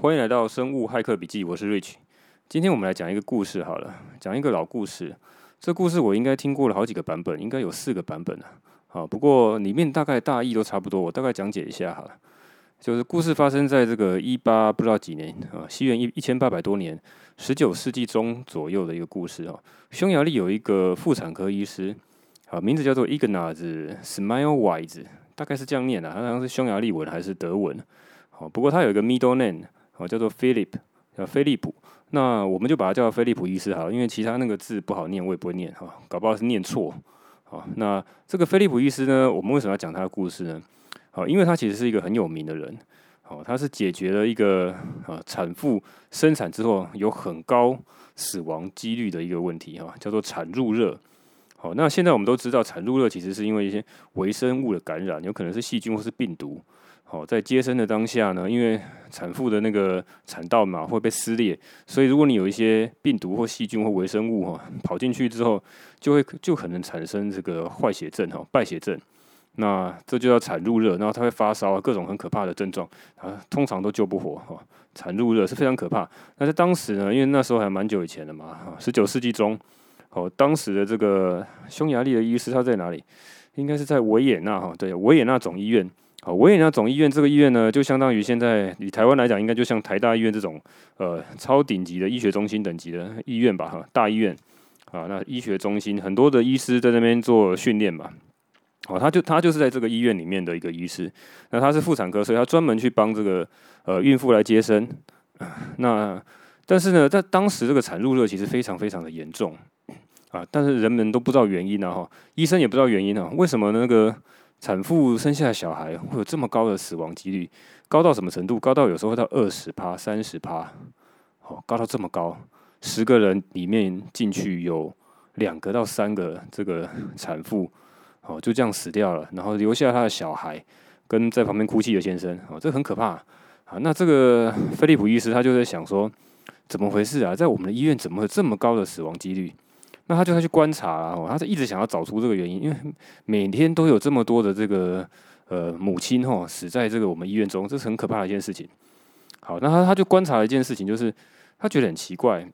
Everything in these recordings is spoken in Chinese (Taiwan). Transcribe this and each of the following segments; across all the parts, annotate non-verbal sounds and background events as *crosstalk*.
歡迎來到生物駭客筆記，我是 Rich。今天我們來講一個故事好了，講一個老故事。這故事我應該聽過了好幾個版本，應該有四個版本了啊。好，不過裡面大概大意都差不多，我大概講解一下好了。就是故事發生在這個一八不知道幾年啊，西元一一千八百多年，十九世紀中左右的一個故事哦。匈牙利有一個婦產科醫師，啊，名字叫做 Ignaz Semmelweis，大概是這樣念的，好像是匈牙利文還是德文。好，不過他有一個 middle name。叫做 Philip，叫菲利普，l i p 叫飛利普。那我們就把它叫菲利普醫師哈，因為其他那個字不好念，我也不會念哈，搞不好是念錯。好，那這個菲利普醫師呢，我們為什麼要講他的故事呢？好，因為他其實是一個很有名的人。好，他是解決了一個呃產婦生產之後有很高死亡幾率的一個問題哈，叫做產褥熱。好，那現在我們都知道產褥熱其實是因為一些微生物的感染，有可能是細菌或是病毒。哦，在接生的當下呢，因為產婦的那個產道嘛，會被撕裂，所以如果你有一些病毒或細菌或微生物哈、啊、跑進去之後，就會就可能產生這個壞血症哈，敗血症，那這就叫產褥熱，然後它會發燒啊，各種很可怕的症狀啊，通常都救不活哈、哦。產褥熱是非常可怕。那在當時呢，因為那時候還蠻久以前的嘛，十九世紀中，哦，當時的這個匈牙利的醫師他在哪裡？應該是在維也納哈，對，維也納總醫院。啊，維也納總醫院這個醫院呢，就相當於現在以台灣來講，應該就像台大醫院這種呃超頂級的醫學中心等級的醫院吧，哈，大醫院啊，那醫學中心很多的醫師在那邊做訓練嘛。啊，他就他就是在這個醫院裡面的一個醫師，那他是婦產科，所以他專門去幫這個呃孕婦來接生。啊，那但是呢，在當時這個產褥熱其實非常非常的嚴重啊，但是人們都不知道原因啊，哈，醫生也不知道原因啊，為什麼那個？產婦生下的小孩會有這麼高的死亡幾率，高到什麼程度？高到有時候會到二十趴、三十趴。哦，高到這麼高，十個人裡面進去有兩個到三個這個產婦哦，就這樣死掉了，然後留下他的小孩跟在旁邊哭泣的先生哦，這很可怕啊！那這個菲利普醫師他就在想說，怎麼回事啊？在我們的醫院怎麼會有這麼高的死亡幾率？那他就去觀察啊，他就一直想要找出這個原因，因為每天都有這麼多的這個呃母親哈死在這個我們醫院中，這是很可怕的一件事情。好，那他他就觀察了一件事情，就是他覺得很奇怪，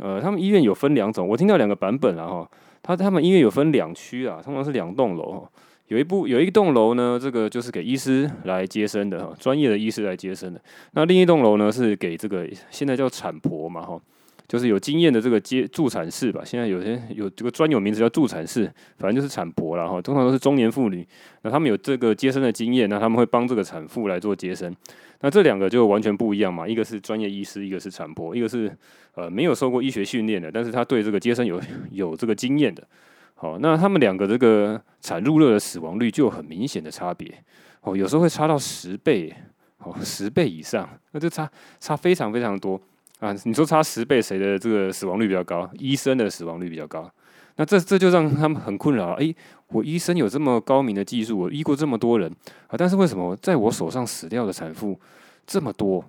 呃，他們醫院有分兩種，我聽到兩個版本了啊哈，他他們醫院有分兩區啊，通常是兩棟樓，有一部有一棟樓呢，這個就是給醫師來接生的哈，專業的醫師來接生的，那另一棟樓呢是給這個現在叫產婆嘛哈。就是有經驗的這個接助產士吧，現在有些有這個專有名詞叫助產士，反正就是產婆啦。哈。通常都是中年婦女，那他們有這個接生的經驗，那他們會幫這個產婦來做接生。那這兩個就完全不一樣嘛，一個是專業醫師，一個是產婆，一個是呃沒有受過醫學訓練的，但是他對這個接生有有這個經驗的。好、哦，那他們兩個這個產褥熱的死亡率就有很明顯的差別，哦，有時候會差到十倍，哦，十倍以上，那就差差非常非常多。啊，你說差十倍，誰的這個死亡率比較高？醫生的死亡率比較高。那這這就讓他們很困擾誒，哎，我醫生有這麼高明的技術，我醫過這麼多人啊，但是為什麼在我手上死掉的產婦這麼多？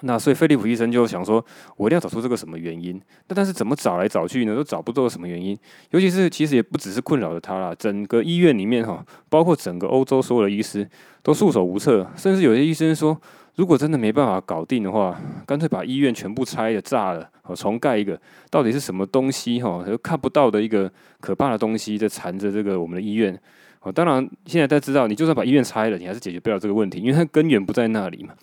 那所以，菲利普醫生就想說，我一定要找出這個什麼原因。那但，但是怎麼找來找去呢，都找不到什麼原因。尤其是其實也不只是困擾着他啦，整個醫院裡面哈，包括整個歐洲所有的醫師都束手無策，甚至有些醫生說。如果真的沒辦法搞定的話，乾脆把醫院全部拆了、炸了，哦，重蓋一個。到底是什麼東西哈？看不到的一個可怕的東西在纏着這個我們的醫院。哦，當然現在大家知道，你就算把醫院拆了，你還是解決不了這個問題，因為它根源不在那裡嘛。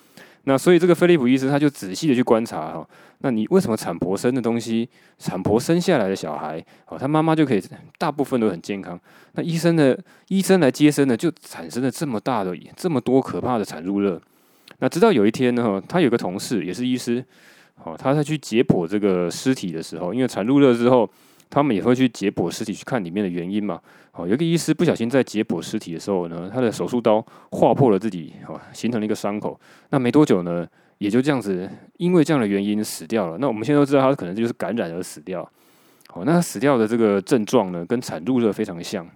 那所以這個菲利普醫生他就仔細的去觀察哈。那你為什麼產婆生的東西，產婆生下來的小孩，哦，他媽媽就可以大部分都很健康。那醫生的醫生來接生的就產生了這麼大的、這麼多可怕的產褥熱。那直到有一天呢，他有個同事也是醫師，哦，他在去解剖這個屍體的時候，因為產褥熱之後，他們也會去解剖屍體去看裡面的原因嘛，哦，有一個醫師不小心在解剖屍體的時候呢，他的手術刀劃破了自己，哦，形成了一個傷口，那沒多久呢，也就這樣子，因為這樣的原因死掉了。那我們現在都知道，他可能就是感染而死掉，哦，那他死掉的這個症狀呢，跟產褥熱非常的像。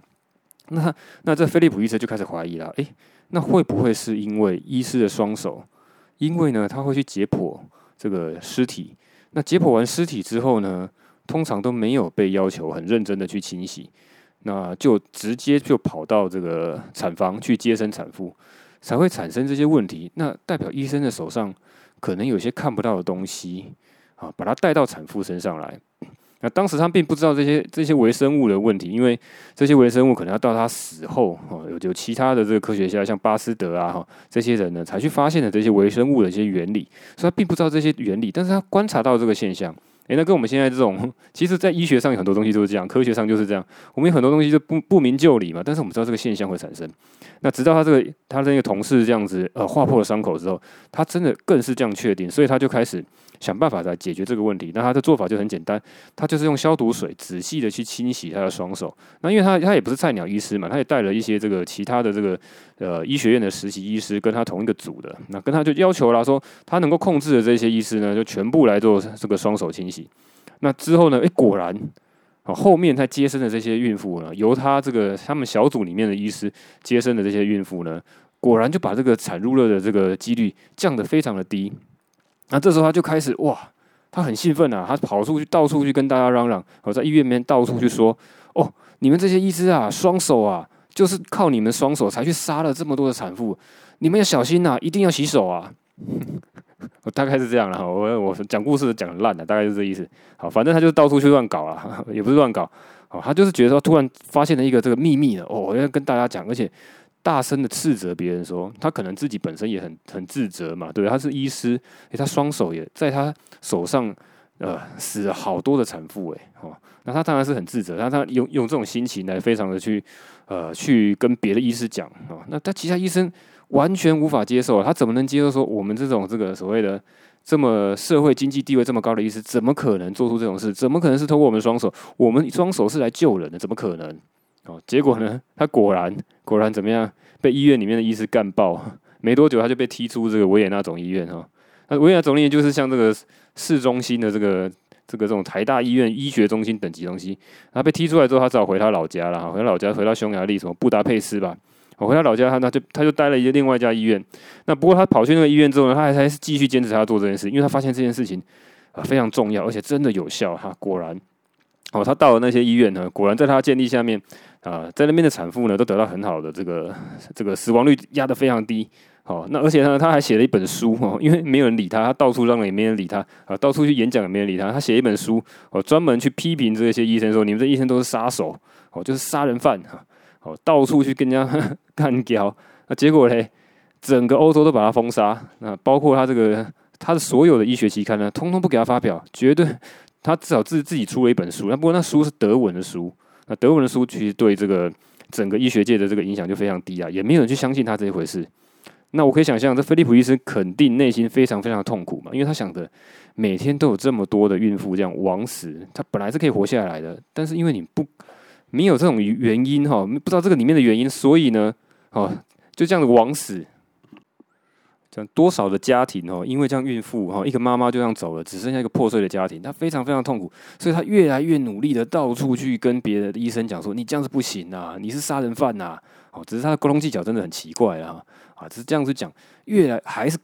那那這菲利普醫生就開始懷疑了，哎、欸，那會不會是因為醫師的雙手？因為呢，他會去解剖這個屍體。那解剖完屍體之後呢，通常都沒有被要求很認真的去清洗，那就直接就跑到這個產房去接生產婦，才會產生這些問題。那代表醫生的手上可能有些看不到的東西啊，把它帶到產婦身上來。那當時他並不知道這些這些微生物的問題，因為這些微生物可能要到他死後，哦、喔，有其他的這個科學家，像巴斯德啊哈、喔、這些人呢，才去發現了這些微生物的一些原理，所以他並不知道這些原理，但是他觀察到這個現象，誒、欸，那跟我們現在這種，其實在醫學上有很多東西都是這樣，科學上就是這樣，我們有很多東西就不不明就裡嘛，但是我們知道這個現象會產生，那直到他這個他那個同事這樣子，呃，劃破了傷口之後，他真的更是這樣確定，所以他就開始。想辦法來解決這個問題。那他的做法就很簡單，他就是用消毒水仔細的去清洗他的雙手。那因為他他也不是菜鳥醫師嘛，他也帶了一些這個其他的這個呃醫學院的實習醫師跟他同一個組的。那跟他就要求啦說，他能夠控制的這些醫師呢，就全部來做這個雙手清洗。那之後呢，誒，果然啊，後面他接生的這些孕婦呢，由他這個他們小組裡面的醫師接生的這些孕婦呢，果然就把這個產褥熱的這個幾率降得非常的低。那這時候他就開始哇，他很興奮啊，他跑出去到處去跟大家嚷嚷，我在醫院裡面到處去說，哦，你們這些醫師啊，雙手啊，就是靠你們雙手才去殺了這麼多的產婦，你們要小心吶，啊，一定要洗手啊。 *laughs* 大概是這樣了，我我講故事講爛了，大概是這意思。好，反正他就到處去亂搞啊，也不是亂搞，好，他就是覺得他突然發現了一個這個秘密了，哦，我要跟大家講，而且。大聲的斥責別人說，他可能自己本身也很很自責嘛，對不對？他是醫師，他雙手也在他手上，呃，死了好多的產婦，欸，誒，哦，那他當然是很自責，那他用用這種心情來非常的去呃去跟別的醫師講，哦，那他其他醫生完全無法接受啊，他怎麼能接受說我們這種這個所謂的這麼社會經濟地位這麼高的醫師，怎麼可能做出這種事？怎麼可能是通過我們雙手，我們雙手是來救人的，怎麼可能？哦，結果呢？他果然果然怎麼樣？被醫院裡面的醫師幹爆，沒多久他就被踢出這個維也納總醫院哈。那維也納總醫院就是像這個市中心的這個這個這種台大醫院、醫學中心等級東西。他被踢出來之後，他只好回他老家了哈。回他老家，回到匈牙利什麼布達佩斯吧。我回他老家，他那就他就待了一個另外一家醫院。那不過他跑去那個醫院之後呢，他還還是繼續堅持他做這件事，因為他發現這件事情啊非常重要，而且真的有效哈。果然。哦，他到了那些醫院呢，果然在他建立下面，啊，在那邊的產婦呢都得到很好的這個這個，死亡率壓得非常低。好，那而且他他還寫了一本書哦，因為沒有人理他，他到處讓人也沒人理他啊，到處去演講也沒人理他。他寫一本書哦，專門去批評這些醫生說，你們這醫生都是殺手哦，就是殺人犯哈。哦，到處去跟人家幹譙。那結果嘞，整個歐洲都把他封殺，那包括他這個他的所有的醫學期刊呢，通通不給他發表，絕對。他至少自，自己出了一本書，那不過那書是德文的書，那德文的書其實對這個整個醫學界的這個影響就非常低啊，也沒有人去相信他這一回事。那我可以想象，這菲利普醫生肯定內心非常非常痛苦嘛，因為他想着每天都有這麼多的孕婦這樣枉死，他本來是可以活下來的，但是因為你不沒有這種原因哈，不知道這個裡面的原因，所以呢，哦，就這樣子枉死。多少的家庭哦，因為這樣孕婦哈，一個媽媽就這樣走了，只剩下一個破碎的家庭，她非常非常痛苦，所以她越來越努力的到處去跟別的醫生講說：“你這樣是不行吶、啊，你是殺人犯呐！”哦，只是他的溝通技巧真的很奇怪啊，啊，只是這樣子講，越來還是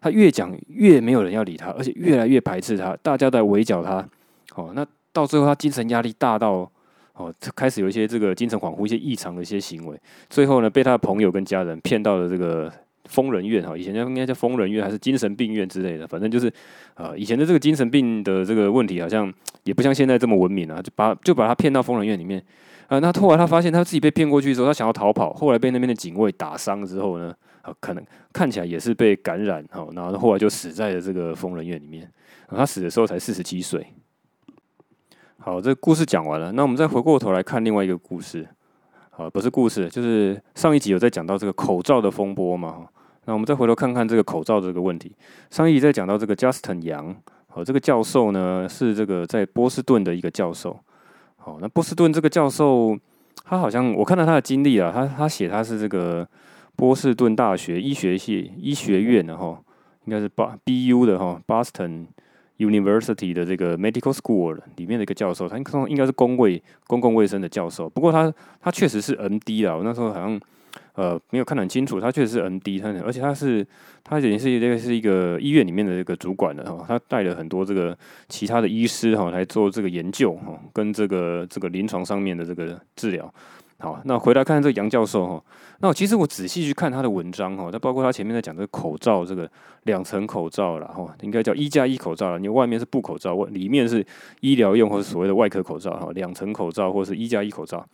他越講越沒有人要理他，而且越來越排斥他，大家在圍剿他，哦，那到最後他精神壓力大到哦，開始有一些這個精神恍惚、一些異常的一些行為，最後呢被他的朋友跟家人騙到了這個。瘋人院哈，以前應叫應該叫瘋人院，還是精神病院之類的，反正就是，呃，以前的這個精神病的這個問題，好像也不像現在這麼文明啊，就把就把他騙到瘋人院裡面啊、呃。那後來他發現他自己被騙過去之後，他想要逃跑，後來被那邊的警衛打傷之後呢，啊、呃，可能看起來也是被感染哈、呃，然後後來就死在了這個瘋人院裡面、呃。他死的時候才四十七歲。好，這個故事講完了，那我們再回過頭來看另外一個故事。啊，不是故事，就是上一集有在講到這個口罩的風波嘛。那我們再回頭看看這個口罩的這個問題。上一集在講到這個 Justin Yang，好，這個教授呢，是這個在波士頓的一個教授。哦，那波士頓這個教授，他好像我看到他的經歷啊，他他寫他是這個波士頓大學醫學系醫學院的哈，應該是 B B U 的哈，Boston University 的這個 Medical School 裡面的一個教授，他應該是公衛公共衛生的教授。不過他他確實是 MD 啊，我那時候好像呃沒有看得很清楚，他確實是 MD。他而且他是他已經是這個是一個醫院裡面的這個主管了，他帶了很多這個其他的醫師哈來做這個研究哈，跟這個這個臨床上面的這個治療。好，那回來看看這個楊教授哈，那我其實我仔細去看他的文章哈，那包括他前面在講這個口罩，這個兩層口罩了哈，應該叫一加一口罩了，你外面是布口罩，裡面是醫療用或者所謂的外科口罩哈，兩層口罩或者是一加一口罩。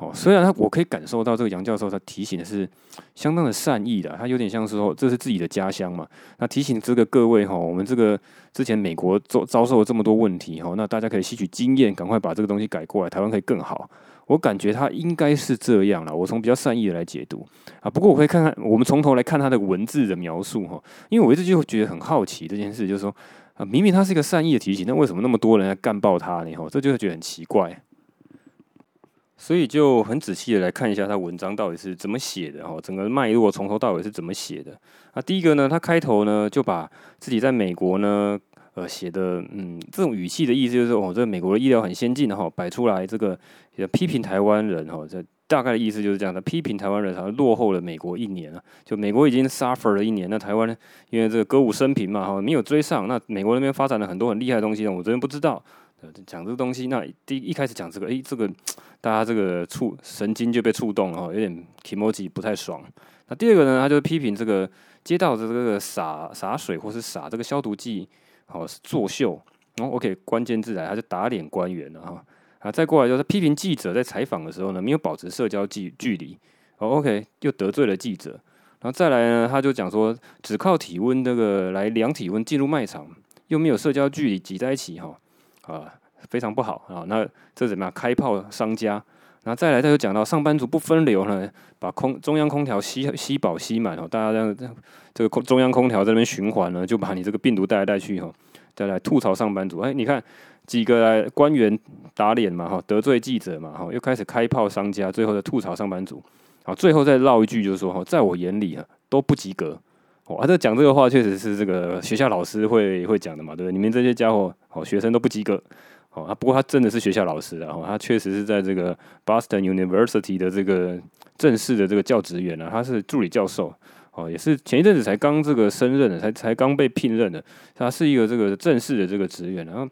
哦，雖然他我可以感受到這個楊教授他提醒的是相當的善意的，他有點像是說這是自己的家鄉嘛，那提醒這個各位哈，我們這個之前美國遭遭受了這麼多問題哈，那大家可以吸取經驗，趕快把這個東西改過來，台灣可以更好。我感覺他應該是這樣了，我從比較善意的來解讀啊。不過我會看看，我們從頭來看他的文字的描述哈，因為我一直就覺得很好奇這件事，就是說啊，明明他是一個善意的提醒，那為什麼那麼多人來幹爆他呢？哦，這就是覺得很奇怪。所以就很仔細的來看一下他文章到底是怎麼寫的哈，整個脈絡從頭到尾是怎麼寫的啊？第一個呢，他開頭呢就把自己在美國呢。呃，寫的嗯，這種語氣的意思就是，哦，這個，美國的醫療很先進哈，擺、哦、出來這個批評台灣人哈，這、哦、大概的意思就是這樣的，他批評台灣人好像落後了美國一年啊，就美國已經 suffer 了一年，那台灣呢，因為這個歌舞升平嘛哈，哦，沒有追上，那美國那邊發展了很多很厲害的東西，我真的不知道，講、呃、這個東西，那第一,一開始講這個，哎、欸，這個大家這個觸神經就被觸動，然、哦、後有點提莫吉不太爽。那第二個呢，他就是批評這個街道的這個灑灑水或是灑這個消毒劑。好是作秀，然後，哦，OK，關鍵字來，他就打臉官員了哈，哦，啊，再過來就是批評記者在採訪的時候呢，沒有保持社交距距離，哦，OK，又得罪了記者，然後再來呢，他就講說只靠體溫這個來量體溫進入賣場，又沒有社交距離擠在一起哈，哦，啊，非常不好啊，哦，那這怎麼樣？開炮商家。然後再來，他又講到上班族不分流呢，把空中央空調吸吸飽吸滿，哦、大家這樣這這個空中央空調在那邊循環呢，就把你這個病毒帶來帶去哈、哦。再來吐槽上班族，哎，你看幾個來官員打臉嘛哈，得罪記者嘛哈，又開始開炮商家，最後的吐槽上班族。啊，最後再嘮一句，就是說哈、哦，在我眼裡啊都不及格。哦，他、啊、在講這個話，確實是這個學校老師會會講的嘛，對不對？你們這些傢伙哦，學生都不及格。哦，他不過他真的是學校老師，然後他確實是在這個 Boston University 的這個正式的這個教職員啊，他是助理教授，哦，也是前一陣子才剛這個升任的，才才剛被聘任的，他是一個這個正式的這個職員。然後，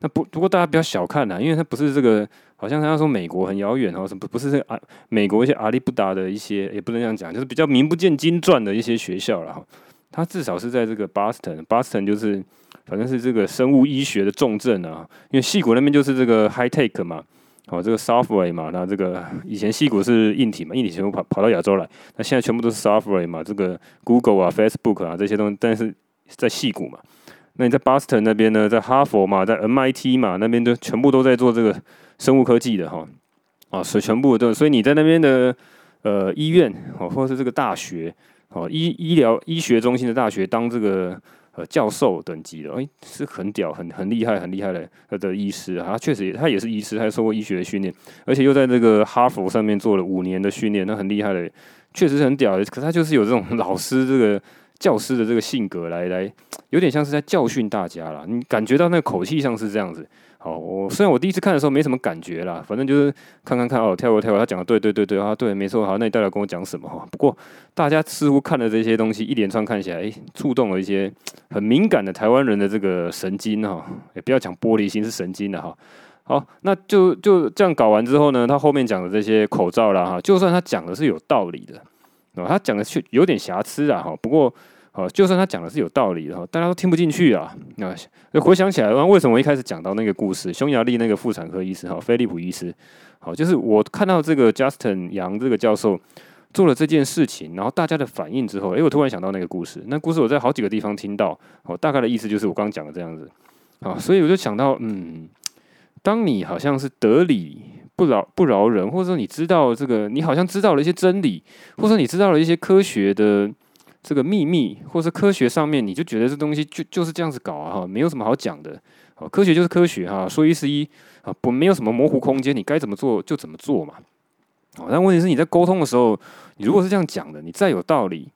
那不不過大家不要小看啊，因為他不是這個，好像他要說美國很遙遠，然後是不是這個美國一些阿里不達的一些，也不能這樣講，就是比較名不見經傳的一些學校了哈。他至少是在這個 Boston，Boston Boston 就是。反正是這個生物醫學的重鎮啊，因為矽谷那邊就是這個 high tech 嘛，哦，這個 software 嘛，那這個以前矽谷是硬體嘛，硬體全部跑跑到亞洲來，那現在全部都是 software 嘛，這個 Google 啊，Facebook 啊這些東西，但是在矽谷嘛，那你在 Boston 那邊呢，在哈佛嘛，在 MIT 嘛，那邊都全部都在做這個生物科技的哈、哦，啊、哦，所以全部都，所以你在那邊的呃醫院哦，或者是這個大學哦，醫醫療醫學中心的大學當這個。呃，教授等級的，誒、欸，是很屌，很很厲害，很厲害的的醫師啊。他確實，他也是醫師，他也受過醫學的訓練，而且又在這個哈佛上面做了五年的訓練，那很厲害的，確實是很屌的。可是他就是有這種老師，這個教師的這個性格，來來，有點像是在教訓大家啦。你感覺到那口氣像是這樣子。好，我雖然我第一次看的時候沒什麼感覺啦，反正就是看看看，哦，跳過跳過，他講的對對對對啊，他對，沒錯哈，那你到底要跟我講什麼哈？不過大家似乎看了這些東西一連串看起來，哎、欸，觸動了一些很敏感的台灣人的這個神經哈，也、欸、不要講玻璃心，是神經的哈。好，那就就這樣搞完之後呢，他後面講的這些口罩啦哈，就算他講的是有道理的，哦，他講的卻有點瑕疵啊哈，不過。哦，就算他講的是有道理，哈，大家都聽不進去啊。那回想起來，為什麼我一開始講到那個故事，匈牙利那個婦產科醫師哈，菲利普醫師，好，就是我看到這個 Justin 楊這個教授做了這件事情，然後大家的反應之後，誒、欸，我突然想到那個故事。那故事我在好幾個地方聽到，哦，大概的意思就是我剛剛講的這樣子。好，所以我就想到，嗯，當你好像是得理不饒不饒人，或者說你知道這個，你好像知道了一些真理，或者你知道了一些科學的。這個秘密，或是科學上面，你就覺得這東西就就是這樣子搞啊，沒有什麼好講的。科學就是科學哈，說一是一，啊，不，沒有什麼模糊空間，你該怎麼做就怎麼做嘛。好，但問題是你在溝通的時候，你如果是這樣講的，你再有道理，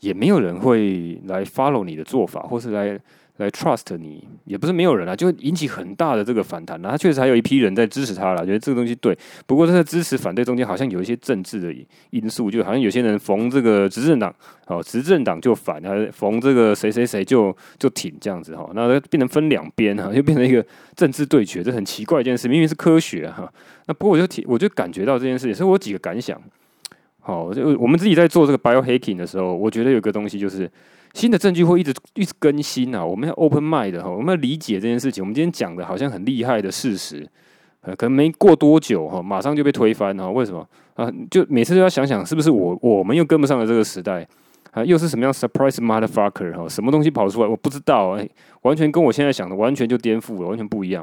也沒有人會來 follow 你的做法，或是來。來 trust 你也不是沒有人啊，就引起很大的這個反彈了。他確實還有一批人在支持他了，覺得這個東西對。不過他在支持反對中間，好像有一些政治的因素，就好像有些人逢這個執政黨哦，執政黨就反，啊逢這個誰誰誰就就挺這樣子哈、哦。那變成分兩邊啊，就變成一個政治對決，這很奇怪一件事。明明是科學哈、啊。那不過我就挺，我就感覺到這件事情，也是我有幾個感想。好、哦，就我們自己在做這個 biohacking 的時候，我覺得有個東西就是。新的證據會一直一直更新啊！我們要 open mind 哈，我們要理解這件事情。我們今天講的好像很厲害的事實，可能沒過多久哈，馬上就被推翻了。為什麼啊？就每次都要想想，是不是我我，我們又跟不上了這個時代啊？又是什麼樣 surprise motherfucker 哈？什麼東西跑出來？我不知道哎，完全跟我現在想的完全就顛覆了，完全不一樣，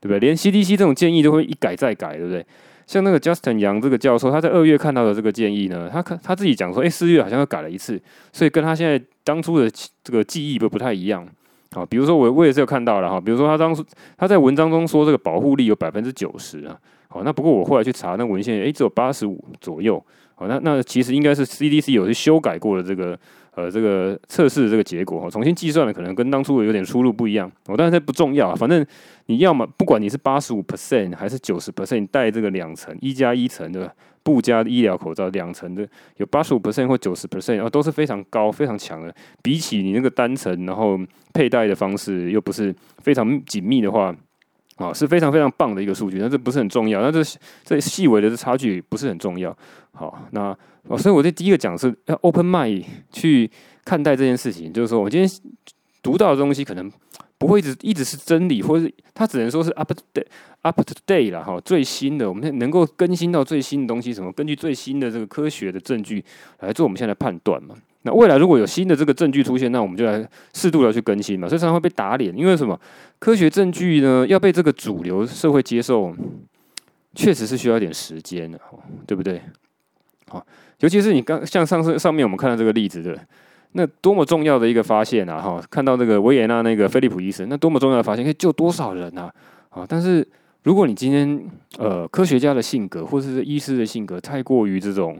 對不對？連 CDC 這種建議都會一改再改，對不對？像那個 Justin Yang 這個教授，他在二月看到的這個建議呢，他看他自己講說，哎、欸，四月好像又改了一次，所以跟他現在當初的這個記憶都不太一樣啊。比如說我我也是有看到了哈，比如說他當初他在文章中說這個保護力有百分之九十啊，好，那不過我後來去查那個文獻，哎、欸，只有八十五左右，好，那那其實應該是 CDC 有去修改過的這個。呃，這個測試的這個結果哈，重新計算了，可能跟當初有點出入，不一樣。我當然這不重要，反正你要麼不管你是八十五 percent 還是九十 percent 戴這個兩層一加一層的，不加醫療口罩，兩層的有八十五 percent 或九十 percent，然後都是非常高，非常強的。比起你那個單層，然後佩戴的方式又不是非常緊密的話。啊，是非常非常棒的一個數據，但這不是很重要。那這這細微的差距不是很重要。好，那所以我在第一個講是，要 open mind 去看待這件事情，就是說，我今天讀到的東西可能不會一直一直是真理，或是它只能說是 up, day, up to date，up to date 了哈，最新的，我們現在能夠更新到最新的東西，什麼根據最新的這個科學的證據來做我們現在的判斷嘛。那未來如果有新的這個證據出現，那我們就來適度的去更新嘛，所以常常會被打臉。因為什麼？科學證據呢，要被這個主流社會接受，確實是需要點時間的，對不對？好，尤其是你剛像上次上面我們看到這個例子，對不對？那多麼重要的一個發現啊！哈，看到那個維也納那個菲利普醫生，那多麼重要的發現，可以救多少人啊！啊，但是如果你今天呃科學家的性格或者是醫師的性格太過於這種。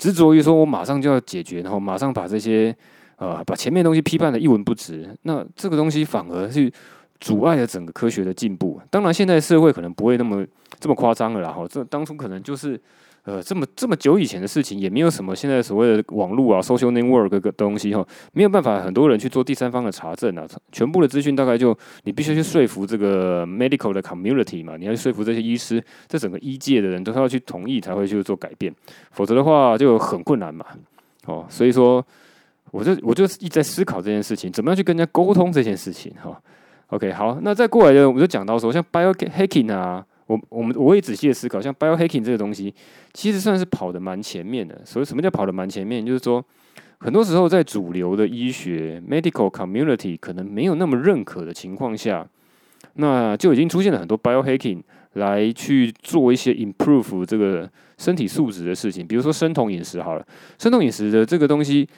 執着於說，我馬上就要解決，然後馬上把這些，呃，把前面的東西批判得一文不值，那這個東西反而是阻礙了整個科學的進步。當然，現在社會可能不會那麼這麼誇張了啦，然後這當初可能就是。呃，這麼這麼久以前的事情，也沒有什麼現在所謂的網絡啊，social network 這個東西哈、哦，沒有辦法，很多人去做第三方的查證啊，全部的資訊大概就你必須去說服這個 medical 的 community 嘛，你要說服這些醫師，這整個醫界的人都要去同意才會去做改變，否則的話就很困難嘛。哦，所以說，我就我就一直在思考這件事情，怎麼樣去跟人家溝通這件事情哈、哦。OK，好，那再過來呢，我們就講到說，像 biohacking 啊。我我們我也仔細的思考，像 biohacking 這個東西，其實算是跑得蠻前面的。所以什麼叫跑得蠻前面？就是說，很多時候在主流的醫學 medical community 可能沒有那麼認可的情況下，那就已經出現了很多 biohacking 來去做一些 improve 這個身體素質的事情。比如說生酮飲食好了，生酮飲食的這個東西，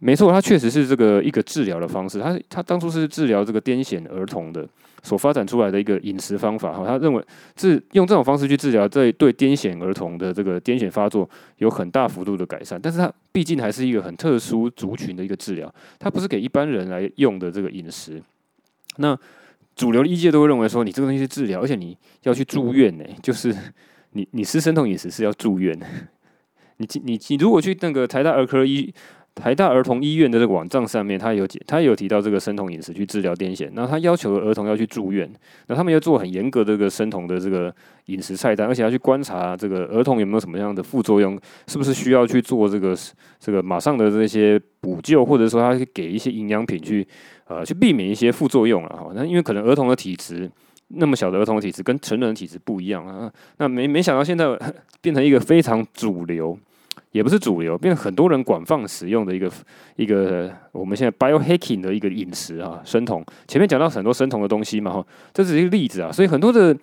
沒錯，它確實是這個一個治療的方式。它它當初是治療這個癲癇兒童的。所發展出來的一個飲食方法哈，他認為治用這種方式去治療，這對，對癲癇兒童的這個癲癇發作有很大幅度的改善，但是它畢竟還是一個很特殊族群的一個治療，它不是給一般人來用的這個飲食。那主流的醫界都會認為說，你這個東西治療，而且你要去住院呢，欸，就是你你吃生酮飲食是要住院。你你你如果去那個台大兒科醫。台大兒童醫院的這個網站上面，他有解他有提到這個生酮飲食去治療癲癇，那他要求兒童要去住院，那他們要做很嚴格的這個生酮的這個飲食菜單，而且要去觀察這個兒童有沒有什麼樣的副作用，是不是需要去做這個這個馬上的這些補救，或者說他去給一些營養品去呃去避免一些副作用啊。好，那因為可能兒童的體質那麼小的兒童的體質跟成人體質不一樣啊，那沒沒想到現在變成一個非常主流，也不是主流，變很多人廣泛使用的一個一個我們現在 biohacking 的一個飲食啊，生酮。前面講到很多生酮的東西嘛，哈，這是一個例子啊。所以很多的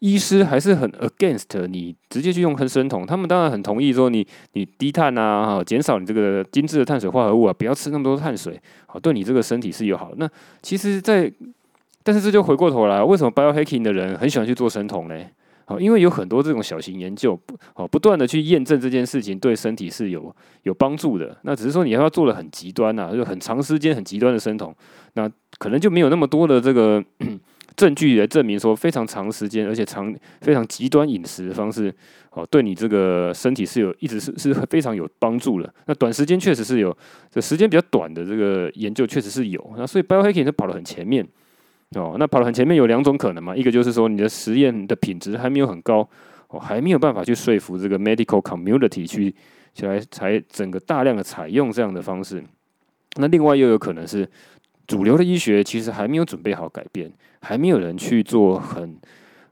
醫師還是很 against 你直接去用生酮，他們當然很同意說你你低碳啊，哈，減少你這個精緻的碳水化合物啊，不要吃那麼多碳水，好，對你這個身體是有好。那其實在，在但是這就回過頭來，為什麼 biohacking 的人很喜歡去做生酮呢？哦，因為有很多這種小型研究，哦，不斷的去驗證這件事情對身體是有有幫助的。那只是說你要，不要做得很極端吶、啊，就很長時間、很極端的生酮，那可能就沒有那麼多的這個證據來證明說非常長時間而且長非常極端飲食的方式哦，對你這個身體是有一直是是非常有幫助的。那短時間確實是有，這時間比較短的這個研究確實是有。那所以 Biohacking 它跑得很前面。哦，那跑了很前面有兩種可能嘛，一個就是說你的實驗的品質還沒有很高，哦，還沒有辦法去說服這個 medical community 去起來，才整個大量的採用這樣的方式。那另外又有可能是主流的醫學其實還沒有準備好改變，還沒有人去做很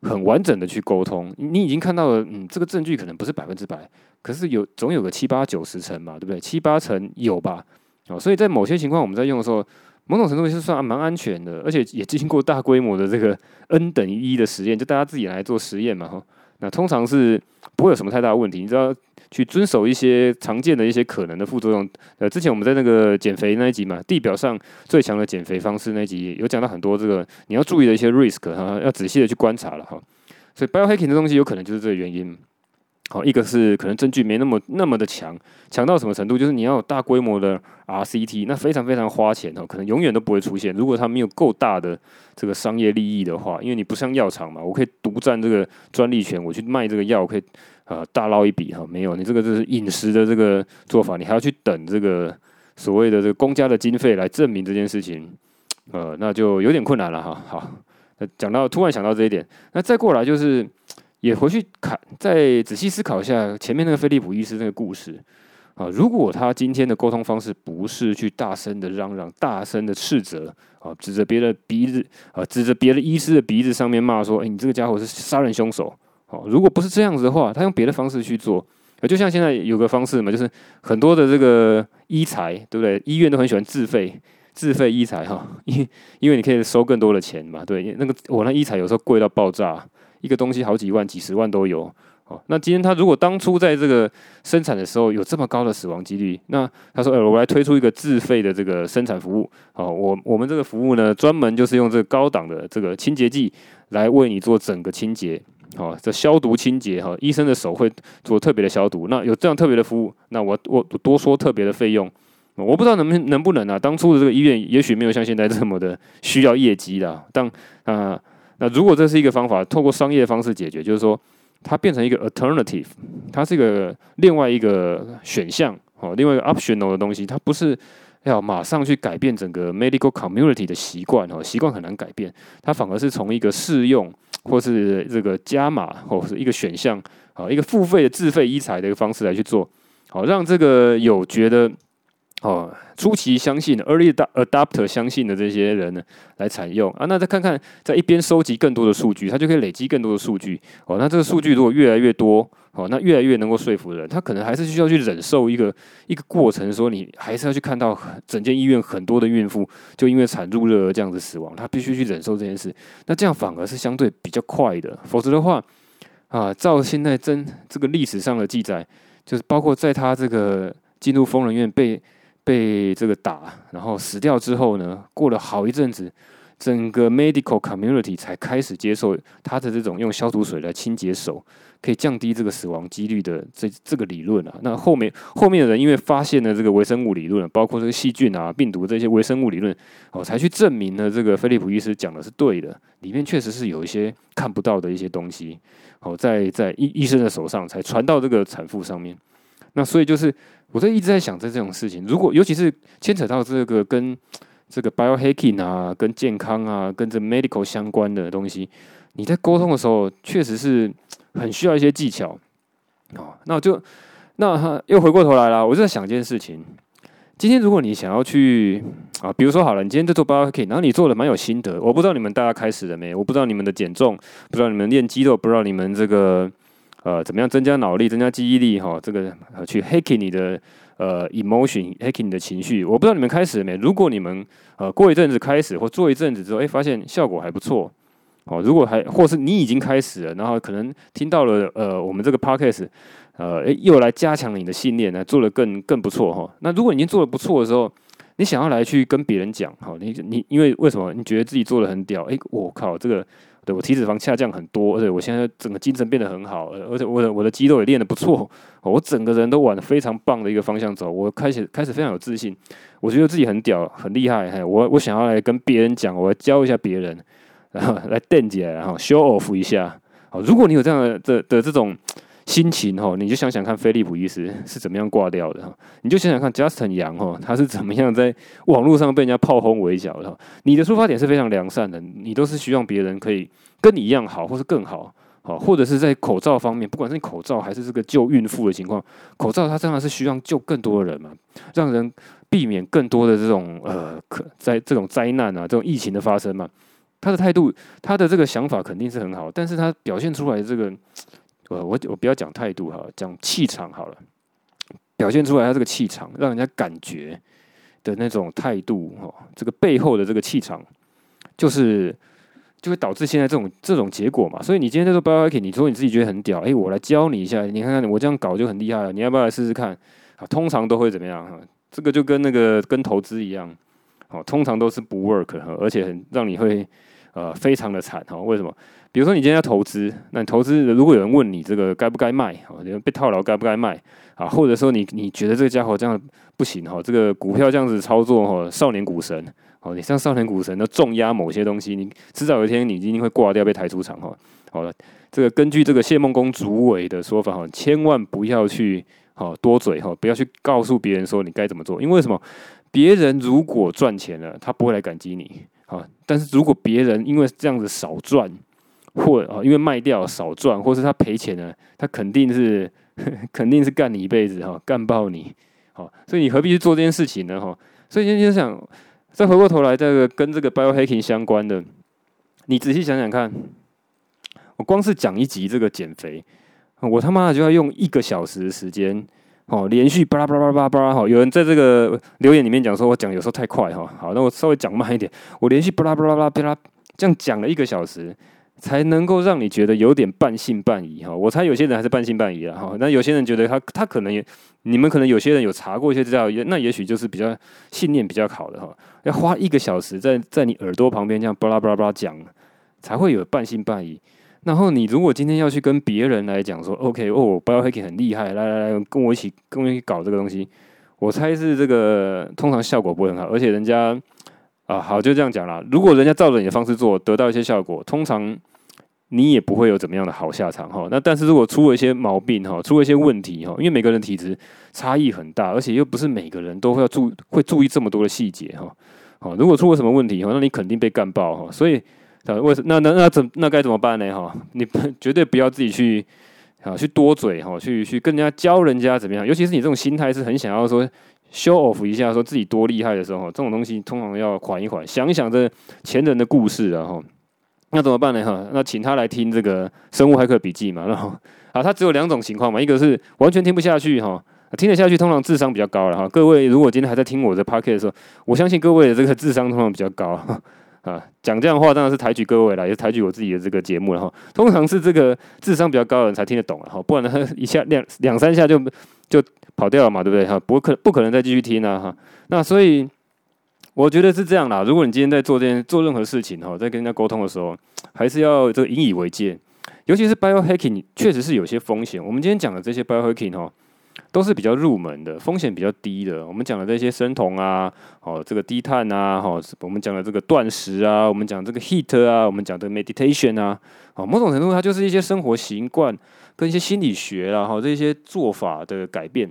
很完整的去溝通你。你已經看到了，嗯，這個證據可能不是百分之百，可是有總有個七八九十成嘛，對不對？七八成有吧？哦，所以在某些情況我們在用的時候某種程度是算蠻安全的，而且也進行過大規模的這個 N 等於一的實驗，就大家自己來做實驗嘛哈。那通常是不會有什麼太大的問題，你知道去遵守一些常見的一些可能的副作用。呃，之前我們在那個減肥那一集嘛，地表上最強的減肥方式那一集，也有講到很多這個你要注意的一些 risk 哈，要仔細的去觀察了哈。所以 Biohacking 的東西有可能就是這個原因。好，一個是可能證據沒那麼那麼的強，強到什麼程度？就是你要有大規模的 RCT，那非常非常花錢哦，可能永遠都不會出現。如果它沒有夠大的這個商業利益的話，因為你不像藥廠嘛，我可以獨佔這個專利權，我去賣這個藥，我可以呃大撈一筆哈。沒有，你這個就是飲食的這個做法，你還要去等這個所謂的這個公家的經費來證明這件事情，呃，那就有點困難了哈。好，那講到突然想到這一點，那再過來就是。也回去看，再仔細思考一下前面那個菲利普醫師那個故事啊。如果他今天的溝通方式不是去大聲的嚷嚷，大聲的斥責啊，指着別的鼻子啊，指着別的醫師的鼻子上面罵說：“哎、欸，你這個傢伙是殺人兇手！”哦，如果不是這樣子的話，他用別的方式去做。就像現在有個方式嘛，就是很多的這個醫材，對不對？醫院都很喜歡自費自費醫材哈，因因為你可以收更多的錢嘛，對？那個我，哦，那醫材有時候貴到爆炸。一個東西好幾萬、幾十萬都有，好，那今天他如果當初在這個生產的時候有這麼高的死亡幾率，那他說：“呃，我來推出一個自費的這個生產服務。好，我我們這個服務呢，專門就是用這個高檔的這個清潔劑來為你做整個清潔，好，這消毒清潔哈，醫生的手會做特別的消毒。那有這樣特別的服務，那我我，我多說特別的費用，我不知道能不能不能啊？當初的這個醫院也許沒有像現在這麼的需要業績的，但啊。呃”那如果這是一個方法，透過商業方式解決，就是說它變成一個 alternative，它是一個另外一個選項哦，另外一個 optional 的東西，它不是要馬上去改變整個 medical community 的習慣哦，習慣很難改變，它反而是從一個試用或是這個加碼或是一個選項啊，一個付費的自費醫材的一個方式來去做，好讓這個有覺得。哦，初期相信的 early adopter 相信的這些人呢來採用啊，那再看看在一邊收集更多的數據，他就可以累積更多的數據。哦，那這個數據如果越來越多，哦，那越來越能夠說服人，他可能還是需要去忍受一個一個過程，說你還是要去看到整間醫院很多的孕婦就因為產褥熱而這樣子死亡，他必須去忍受這件事。那這樣反而是相對比較快的，否則的話啊，照現在真這個歷史上的記載，就是包括在他這個進入瘋人院被。被這個打，然後死掉之後呢，過了好一陣子，整個 medical community 才開始接受他的這種用消毒水來清潔手，可以降低這個死亡幾率的這這個理論啊。那後面後面的人因為發現了這個微生物理論，包括這個細菌啊、病毒這些微生物理論，哦，才去證明了這個菲利普醫師講的是對的，裡面確實是有一些看不到的一些東西，哦，在在醫醫生的手上才傳到這個產婦上面。那所以就是，我在一直在想着這種事情。如果尤其是牽扯到這個跟這個 biohacking 啊，跟健康啊，跟這個 medical 相關的東西，你在溝通的時候，確實是很需要一些技巧。哦，那就那又回過頭來啦，我就在想一件事情：今天如果你想要去啊，比如說好了，你今天就做 biohacking，然後你做的蠻有心得。我不知道你們大家開始了沒？我不知道你們的減重，不知道你們練肌肉，不知道你們這個。呃，怎麼樣增加腦力、增加記憶力？哈，這個呃去 hacking 你的呃 emotion，hacking 你的情緒。我不知道你們開始沒？如果你們呃過一陣子開始，或做一陣子之後，誒，發現效果還不錯，哦，如果還或是你已經開始了，然後可能聽到了，呃，我們這個 podcast，呃，誒又來加強你的信念呢，做的更更不錯哈。那如果你已經做的不錯的時候，你想要來去跟別人講，哈，你你因為為什麼你覺得自己做的很屌？誒，我靠，這個。對，我體脂肪下降很多，而且我現在整個精神變得很好，而且我的我的肌肉也練得不錯，我整個人都往非常棒的一個方向走，我開始開始非常有自信，我覺得自己很屌很厲害，我我想要來跟別人講，我要教一下別人，然後來 demonstrate 然後 Show off 一下。好，如果你有這樣的的的這種。心情哈，你就想想看，菲利普醫師是怎麼樣掛掉的哈？你就想想看，Justin 楊哈，他是怎麼樣在網絡上被人家炮轟圍剿的？你的出發點是非常良善的，你都是希望別人可以跟你一樣好，或是更好，好或者是在口罩方面，不管是你口罩還是這個救孕婦的情況，口罩它當然是希望救更多的人嘛，讓人避免更多的這種呃，可在這種災難啊，這種疫情的發生嘛。他的態度，他的這個想法肯定是很好，但是他表現出來的這個。我我我不要講態度哈，講氣場好了，表現出來他這個氣場，讓人家感覺的那種態度哈，這個背後的這個氣場，就是就會導致現在這種這種結果嘛。所以你今天在做 b a r a k i 你說你自己覺得很屌，哎，我來教你一下，你看看我這樣搞就很厲害了，你要不要來試試看？啊，通常都會怎麼樣？哈，這個就跟那個跟投資一樣，好，通常都是不 work，而且很讓你會呃非常的慘哈。為什麼？比如說你今天要投資，那你投資如果有人問你這個該不該賣啊，被套牢該不該賣啊？或者說你你覺得這個家伙這樣不行哈，這個股票這樣子操作哈，少年股神哦，你像少年股神都重壓某些東西，你遲早有一天你一定會掛掉被抬出場哈。好了，這個根據這個謝孟恭主委的說法哈，千萬不要去好多嘴哈，不要去告訴別人說你該怎麼做，因為什麼？別人如果賺錢了，他不會來感激你啊。但是如果別人因為這樣子少賺，或啊，因為賣掉少賺，或是他賠錢呢，他肯定是呵呵肯定是幹你一輩子哈，幹爆你，好，所以你何必去做這件事情呢？哈，所以今天想再回過頭來，這個、跟這個 biohacking 相關的，你仔細想想看，我光是講一集這個減肥，我他媽的就要用一個小時的時間，哦，連續巴拉巴拉巴拉巴拉，哈，有人在這個留言裡面講說我講有時候太快，哈，好，那我稍微講慢一點，我連續巴拉巴拉巴拉巴拉這樣講了一個小時。才能夠讓你覺得有點半信半疑哈，我猜有些人還是半信半疑啊哈，那有些人覺得他他可能也，你們可能有些人有查過一些資料，那也許就是比較信念比較好的哈，要花一個小時在在你耳朵旁邊這樣巴拉巴拉巴拉講，才會有半信半疑。然後你如果今天要去跟別人來講說，OK 哦，Biohacking 很厲害，來來來，跟我一起跟我一起搞這個東西，我猜是這個通常效果不會很好，而且人家。啊，好，就這樣講啦。如果人家照着你的方式做，得到一些效果，通常你也不會有怎麼樣的好下場哈。那但是如果出了一些毛病哈，出了一些問題哈，因為每個人體質差異很大，而且又不是每個人都會要注會注意這麼多的細節哈。好，如果出了什麼問題哈，那你肯定被幹爆哈。所以，為什那那那怎那該怎麼辦呢哈？你絕對不要自己去啊，去多嘴哈，去去跟人家教人家怎麼樣，尤其是你這種心態是很想要說。show off 一下，說自己多厲害的時候，這種東西通常要緩一緩，想一想這前人的故事，啊。哈，那怎麼辦呢？哈，那請他來聽這個生物駭客筆記嘛，然後啊，他只有兩種情況嘛，一個是完全聽不下去，哈，聽得下去通常智商比較高了，哈，各位如果今天還在聽我的 Podcast 的時候，我相信各位的這個智商通常比較高，啊，講這樣的話當然是抬舉各位了，也是抬舉我自己的這個節目了，哈，通常是這個智商比較高的人才聽得懂了，哈，不然呢一下兩兩三下就。就跑掉了嘛，對不對哈？不可不可能再繼續聽啦哈？那所以我覺得是這樣啦。如果你今天在做這件做任何事情哈，在跟人家溝通的時候，還是要這個引以為戒。尤其是 biohacking，確實是有些風險。我們今天講的這些 biohacking 哈，都是比較入門的，風險比較低的。我們講的這些生酮啊，哦這個低碳啊，哦，我們講的這個斷食啊，我們講這個 heat 啊，我們講的 meditation 啊。啊，某種程度，它就是一些生活習慣跟一些心理學啦，哈，這些做法的改變。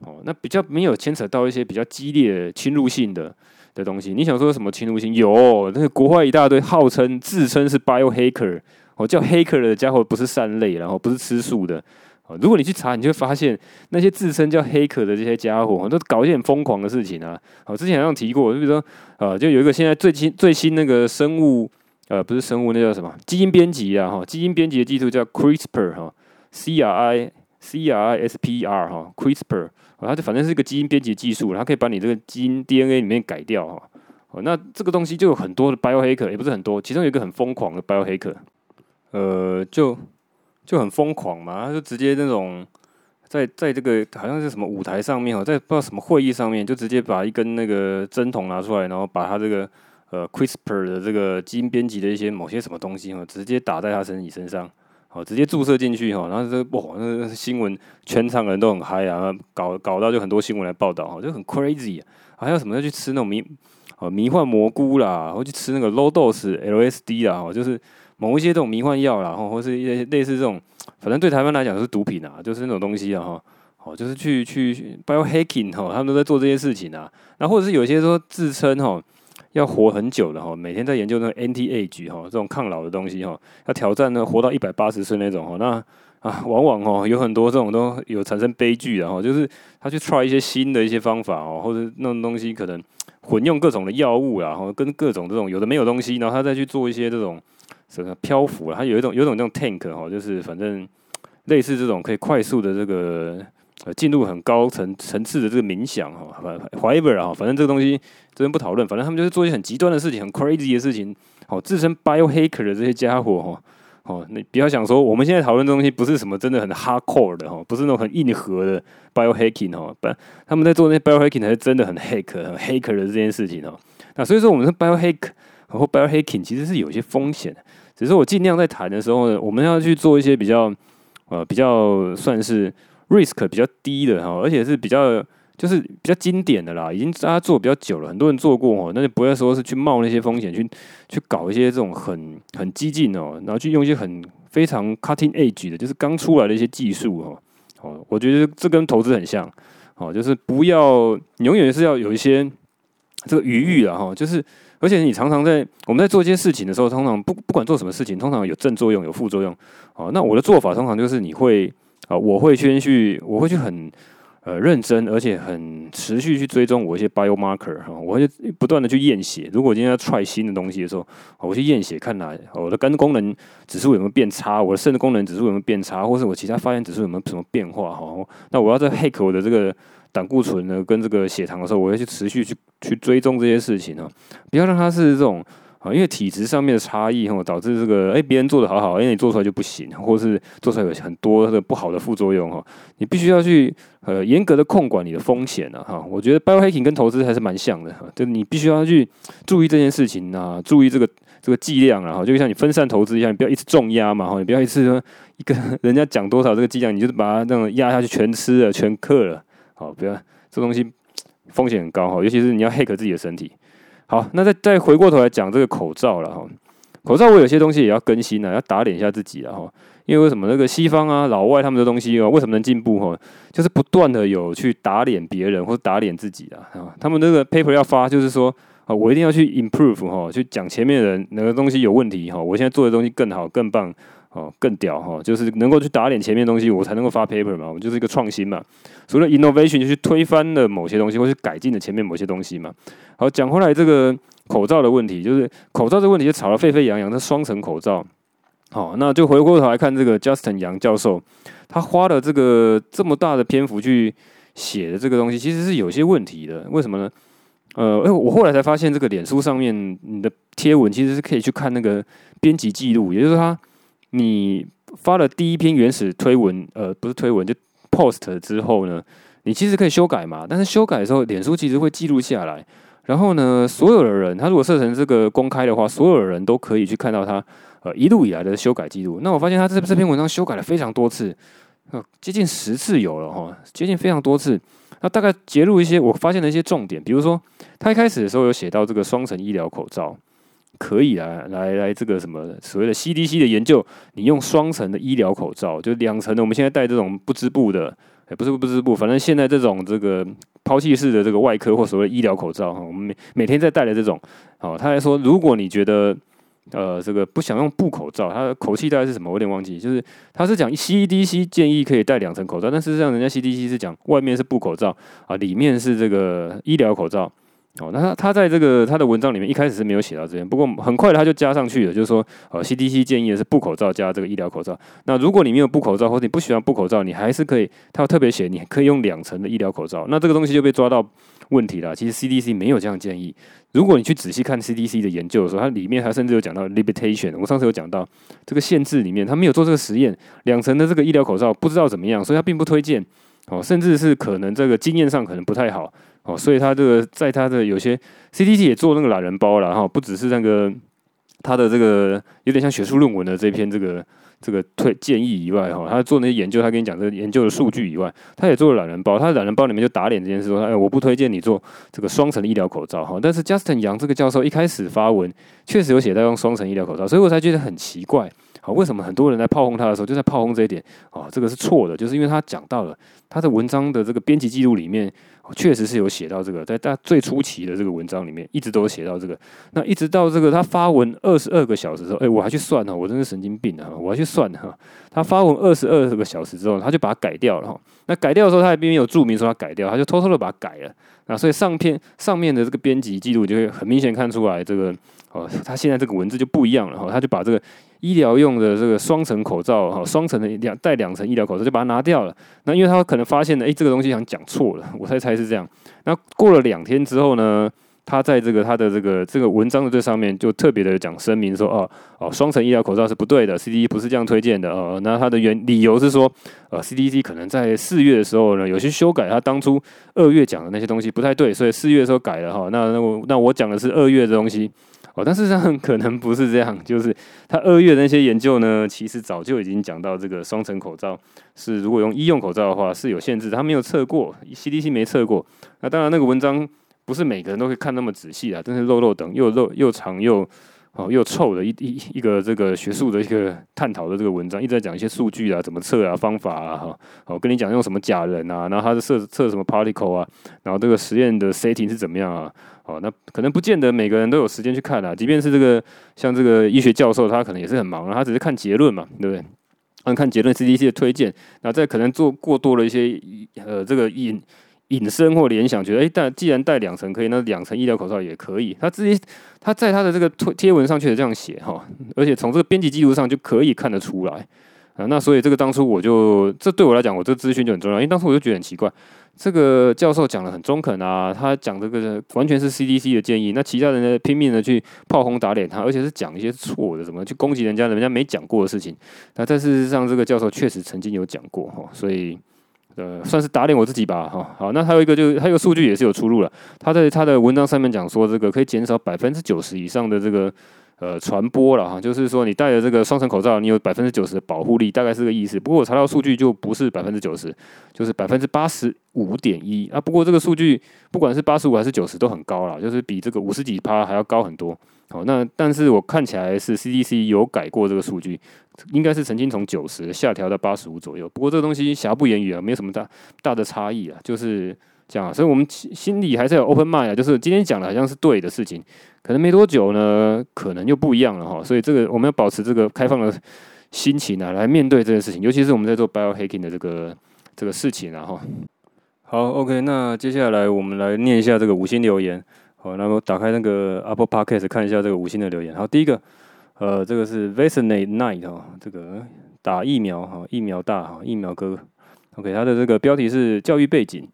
哦，那比較沒有牽扯到一些比較激烈、侵入性的的東西。你想說什麼侵入性？有，那個、國外一大堆號稱自稱是 biohacker，哦，叫黑客的家伙不是善類，然後不是吃素的。啊，如果你去查，你就會發現那些自稱叫黑客的這些家伙都搞一點瘋狂的事情啊。我之前好像提過，就比如說，啊，就有一個現在最新最新那個生物。呃，不是生物，那叫什麼？基因編輯啊，哈、哦，基因編輯的技術叫 CRISPR，哈、哦、，C R I C R I S P R，哈、哦、，CRISPR，、哦、它就反正是一個基因編輯的技術，它可以把你這個基因 DNA 裡面改掉，哈、哦。那這個東西就有很多的 biohacker，也、欸、不是很多，其中有一個很瘋狂的 biohacker。呃，就就很瘋狂嘛，他就直接那種在在這個好像是什麼舞台上面，哦，在不知道什麼會議上面，就直接把一根那個針筒拿出來，然後把它這個。呃，CRISPR 的這個基因編輯的一些某些什麼東西哈，直接打在他身體身上，好，直接注射進去哈，然後這不好，那新聞全場人都很嗨啊，搞搞到就很多新聞來報道哈，就很 crazy 啊。還有什麼要去吃那種迷哦迷幻蘑菇啦，或去吃那個 low dose LSD 啦，就是某一些這種迷幻藥啦，或或是一些類似這種，反正對台灣來講是毒品啊，就是那種東西啊哈，哦，就是去去 biohacking 哈，他們都在做這些事情啊，然後或者是有些說自稱哦。要活很久的哈，每天在研究那種 anti-age 哈，這種抗老的東西哈，要挑戰呢，活到一百八十歲那種哦。那啊，往往哦有很多這種都有產生悲劇的哈，就是他去 try 一些新的一些方法哦，或者那種東西可能混用各種的藥物，然後跟各種這種有的沒有東西，然後他再去做一些這種什麼漂浮啊，他有一種有一種那種 tank 哈，就是反正類似這種可以快速的這個。呃，進入很高層層次的這個冥想哈，反反而啊，反正這個東西這邊不討論，反正他們就是做一些很極端的事情，很 crazy 的事情。好，自稱 biohacker 的這些家伙哈，哦，你不要想說，我們現在討論的東西不是什麼真的很 hardcore 的哈，不是那種很硬核的 biohacking 哈，不他們在做那些 biohacking 還是真的很 hack 很 hacker 的這件事情哦。那所以說，我們說 biohack 和 biohacking 其實是有一些風險，只是我盡量在談的時候呢，我們要去做一些比較呃比較算是。risk 比較低的哈，而且是比較就是比較經典的啦，已經大家做比較久了，很多人做過哦，那就不會說是去冒那些風險，去去搞一些這種很很激進哦，然後去用一些很非常 cutting edge 的，就是剛出來的一些技術哦哦，我覺得這跟投資很像哦，就是不要永遠是要有一些這個餘裕啦哈，就是而且你常常在我們在做一些事情的時候，通常不不管做什麼事情，通常有正作用有副作用哦，那我的做法通常就是你會。啊，我會先去，我會去很呃認真，而且很持續去追蹤我一些 biomarker，哈，我會不斷的去驗血。如果我今天要 try 新的東西的時候，好，我去驗血看哪，我的肝功能指數有沒有變差，我的腎的功能指數有沒有變差，或是我其他發炎指數有沒有什麼變化哈。那我要再 hack 我的這個膽固醇呢，跟這個血糖的時候，我要去持續去去追蹤這些事情啊，不要讓它是這種。因為體質上面的差異哈，導致這個哎別人做得好好，因為你做出來就不行，或是做出來有很多的不好的副作用哈。你必須要去呃嚴格的控管你的風險啊哈。我覺得 biohacking 跟投資還是蠻像的，就你必須要去注意這件事情啊，注意這個這個劑量了啊，就像你分散投資一樣，你不要一直重壓嘛哈，你不要一次說一個人家講多少這個劑量，你就把它那種壓下去全吃了全克了啊，不要這東西風險很高哈，尤其是你要 hack 自己的身體。好，那再再回過頭來講這個口罩了哈。口罩我有些東西也要更新了，要打臉一下自己了哈。因為為什麼那個西方啊、老外他們的東西啊、喔，為什麼能進步哈、喔？就是不斷的有去打臉別人或者打臉自己啊。他們那個 paper 要發，就是說啊，我一定要去 improve 哈，去講前面的人哪個東西有問題哈，我現在做的東西更好更棒。哦，更屌哈，就是能夠去打臉前面的東西，我才能夠發 paper 嘛。我們就是一個創新嘛，除了 innovation，就去推翻了某些東西，或是改進了前面某些東西嘛。好，講回來這個口罩的問題，就是口罩這個問題就吵得沸沸揚揚，它是雙層口罩。好，那就回過頭來看這個 Justin 楊教授，他花了這個這麼大的篇幅去寫的這個東西，其實是有些問題的。為什麼呢？呃，誒，我後來才發現，這個臉書上面你的貼文其實是可以去看那個編輯記錄，也就是他。你發了第一篇原始推文，呃，不是推文，就 post 之後呢，你其實可以修改嘛。但是修改的時候，臉書其實會記錄下來。然後呢，所有的人，他如果設成這個公開的話，所有的人都可以去看到他，呃，一路以來的修改記錄。那我發現他這這篇文章修改了非常多次，接近十次有了哈，接近非常多次。那大概截錄一些，我發現的一些重點，比如說，他一開始的時候有寫到這個雙層醫療口罩。可以啊，來來這個什麼所謂的 CDC 的研究，你用雙層的醫療口罩，就兩層的，我們現在戴這種不織布的，也、欸、不是不織布，反正現在這種這個拋棄式的這個外科或所謂醫療口罩，哈，我們每每天在戴的這種，哦，他還說，如果你覺得呃這個不想用布口罩，他的口氣大概是什麼，我有點忘記，就是他是講 CDC 建議可以戴兩層口罩，但事實上人家 CDC 是講外面是布口罩啊，裡面是這個醫療口罩。哦，那他他在這個他的文章裡面一開始是沒有寫到這邊，不過很快他就加上去了，就是說，哦，CDC 建議的是布口罩加這個醫療口罩。那如果你沒有布口罩，或者你不喜歡布口罩，你還是可以，他有特別寫你可以用兩層的醫療口罩。那這個東西就被抓到問題了。其實 CDC 沒有這樣建議。如果你去仔細看 CDC 的研究的時候，它裡面它甚至有講到 limitation。我上次有講到這個限制裡面，它沒有做這個實驗，兩層的這個醫療口罩不知道怎麼樣，所以它並不推薦。哦，甚至是可能這個經驗上可能不太好。哦，所以他這個在他的有些 C D T 也做那個懶人包了哈，不只是那個他的這個有點像學術論文的這篇這個這個推建議以外哈，他做那些研究，他跟你講這個研究的數據以外，他也做了懶人包。他的懶人包裡面就打臉這件事，說哎，我不推薦你做這個雙層醫療口罩哈。但是 Justin Yang 這個教授一開始發文確實有寫在用雙層醫療口罩，所以我才覺得很奇怪，好，為什麼很多人在炮轟他的時候就在炮轟這一點哦，這個是錯的，就是因為他講到了他的文章的這個編輯記錄裡面。確實是有寫到這個，在他最初期的這個文章裡面，一直都有寫到這個。那一直到這個他發文二十二個小時之後，哎、欸，我還去算，我真的是神經病啊！我還去算哈，他發文二十二個小時之後，他就把它改掉了哈。那改掉的時候，他也並沒有注明說他改掉，他就偷偷的把它改了。那所以上篇上面的這個編輯記錄就會很明顯看出來，這個哦，他現在這個文字就不一樣了哈，他就把這個。醫療用的這個雙層口罩，哈，雙層的兩戴，兩層醫療口罩就把它拿掉了。那因為他可能發現了，誒、欸，這個東西好像講錯了，我猜猜是這樣。那過了兩天之後呢，他在這個他的這個這個文章的這上面就特別的講聲明說，哦、啊、哦，雙、啊、層醫療口罩是不對的，CDC 不是這樣推薦的哦、啊。那他的原理由是說，呃、啊、，CDC 可能在四月的時候呢，有些修改，他當初二月講的那些東西不太對，所以四月的時候改了哈、啊。那我那我講的是二月的東西。哦，但事實上可能不是這樣，就是他二月的那些研究呢，其實早就已經講到這個雙層口罩是如果用醫用口罩的話是有限制，他沒有測過，CDC 沒測過。那當然那個文章不是每個人都可以看那麼仔細啊，但是肉肉等又肉又長又哦又臭的一一一個這個學術的一個探討的這個文章，一直在講一些數據啊，怎麼測啊，方法啊，哈、哦哦，跟你講用什麼假人啊，然後他是測測什麼 particle 啊，然後這個實驗的 setting 是怎麼樣啊。哦，那可能不見得每個人都有時間去看啦，啊。即便是這個像這個醫學教授，他可能也是很忙，他只是看結論嘛，對不對？他看結論 CDC 的推薦，那再可能做過多了一些呃這個引引申或聯想，覺得哎，但、欸、既然戴兩層可以，那兩層醫療口罩也可以。他自己他在他的這個推貼文上確這樣寫哈，哦，而且從這個編輯記錄上就可以看得出來。啊，那所以這個當初我就，這對我來講，我這資訊就很重要，因為當初我就覺得很奇怪，這個教授講得很中肯啊，他講這個完全是 CDC 的建議，那其他人呢拼命的去炮轟打臉他，而且是講一些錯的什麼，怎麼去攻擊人家，人家沒講過的事情，那但事實上這個教授確實曾經有講過哈，所以呃算是打臉我自己吧哈。好，那還有一個就他有個數據也是有出入了，他在他的文章上面講說這個可以減少百分之九十以上的這個。呃，傳播了哈，就是說你戴的這個雙層口罩，你有百分之九十的保護力，大概是這個意思。不過我查到數據就不是百分之九十，就是百分之八十五點一啊。不過這個數據不管是八十五還是九十，都很高了，就是比這個五十幾趴還要高很多。好，哦，那但是我看起來是 CDC 有改過這個數據，應該是曾經從九十下調到八十五左右。不過這個東西瑕不掩瑜啊，沒有什麼大大的差異啊，就是。這樣，所以我們心裡還是有 open mind 啊，就是今天講的好像是對的事情，可能沒多久呢，可能就不一樣了哈。所以這個我們要保持這個開放的心情呢、啊，來面對這件事情，尤其是我們在做 biohacking 的這個這個事情啊哈。好，OK，那接下來我們來念一下這個五星留言。好，那麼打開那個 Apple Podcast 看一下這個五星的留言。好，第一個，呃，這個是 Vaccine Night 哦，這個打疫苗哈、哦，疫苗大哈、哦，疫苗哥。OK，他的這個標題是教育背景。